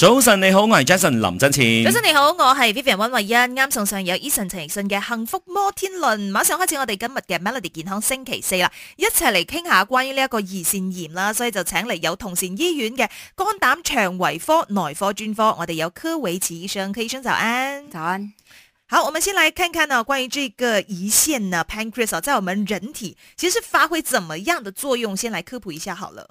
早晨你好，我係 Jason 林振慈。早晨你好，我係 Vivian 溫慧欣。啱送上有 Eason 陳奕迅嘅《幸福摩天輪》，馬上開始我哋今日嘅 Melody 健康星期四啦，一齊嚟傾下關於呢一個胰腺炎啦，所以就請嚟有同善醫院嘅肝膽腸胃科內科專科，我哋有柯維奇醫生，柯醫生早安。早安。好，我們先來看看呢、啊，關於這個胰腺呢、啊、，pancreas 哦、啊，在我們人體其實發揮怎麼樣的作用，先來科普一下好了。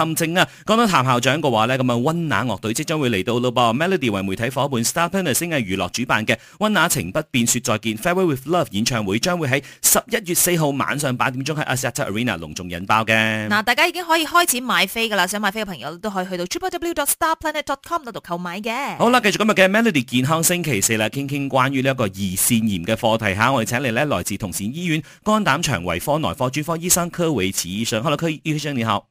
林正啊，講到譚校長嘅話呢。咁啊，温拿樂隊即將會嚟到啦噃。Melody 為媒體伙伴，Star Planet 星藝娛樂主辦嘅温拿情不變説再見 Farewell with Love 演唱會將會喺十一月四號晚上八點鐘喺 Axiata Arena 隆重引爆嘅。嗱，大家已經可以開始買飛噶啦，想買飛嘅朋友都可以去到 t www.starplanet.com 度度購買嘅。好啦，繼續今日嘅 Melody 健康星期四啦，傾傾關於呢一個胰腺炎嘅課題嚇，我哋請嚟呢來，來自同善醫院肝膽腸胃科內科專科醫生柯偉持醫生。Hello，區醫生你好。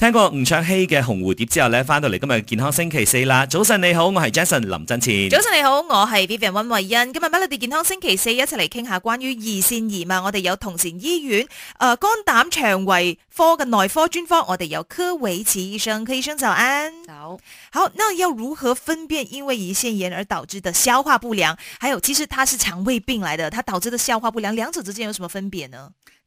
聽過吳卓羲嘅《紅蝴蝶》之後咧，翻到嚟今日健康星期四啦。早晨你好，我係 Jason 林振前。早晨你好，我係 Vivian 溫慧欣。今日 Melody 健康星期四，一齊嚟傾下關於胰腺炎嘛。我哋有同善醫院誒、呃、肝膽腸胃科嘅內科專科，我哋有柯維茨醫生，柯醫生就安。好，好，那要如何分辨因為胰腺炎而導致的消化不良，還有其實它是腸胃病嚟的，它導致的消化不良，兩者之間有什麼分別呢？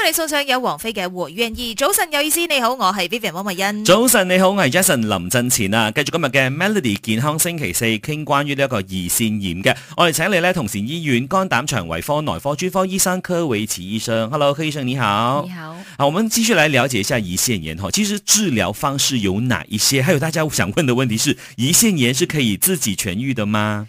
我嚟送上有王菲嘅和弦二，早晨有意思，你好，我係 Vivian 汪慧欣。早晨你好，我係 Jason 林振前啊，繼續今日嘅 Melody 健康星期四，傾關於呢一個胰腺炎嘅。我哋請你咧，同善醫院肝膽腸胃科內科專科醫生柯維池醫生，Hello，柯醫生你好。你好，啊，我們繼續來了解一下胰腺炎。哈，其實治療方式有哪一些？還有大家想問的問題是，胰腺炎是可以自己痊癒的嗎？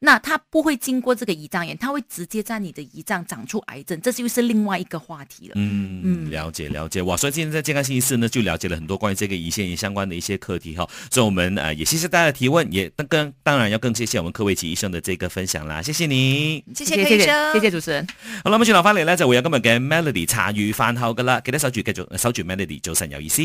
那它不會經過這個胰臟炎，它會直接在你的胰臟長，長出癌症，這就又是另外一個話題了。嗯，了解了解哇。所以今天在健康星期四呢，就了解了很多關於這個胰腺炎相關的一些課題哈。所以我們啊、呃，也謝謝大家的提問，也跟當然要更謝謝我們科衛琪醫生的這個分享啦。謝謝你，嗯、謝謝，謝，謝醫生謝謝，謝謝主持人。好啦，咁轉頭翻嚟咧，就會有今日嘅 Melody 茶餘飯後噶啦，記得守住，繼續守住 Melody，早晨有意思。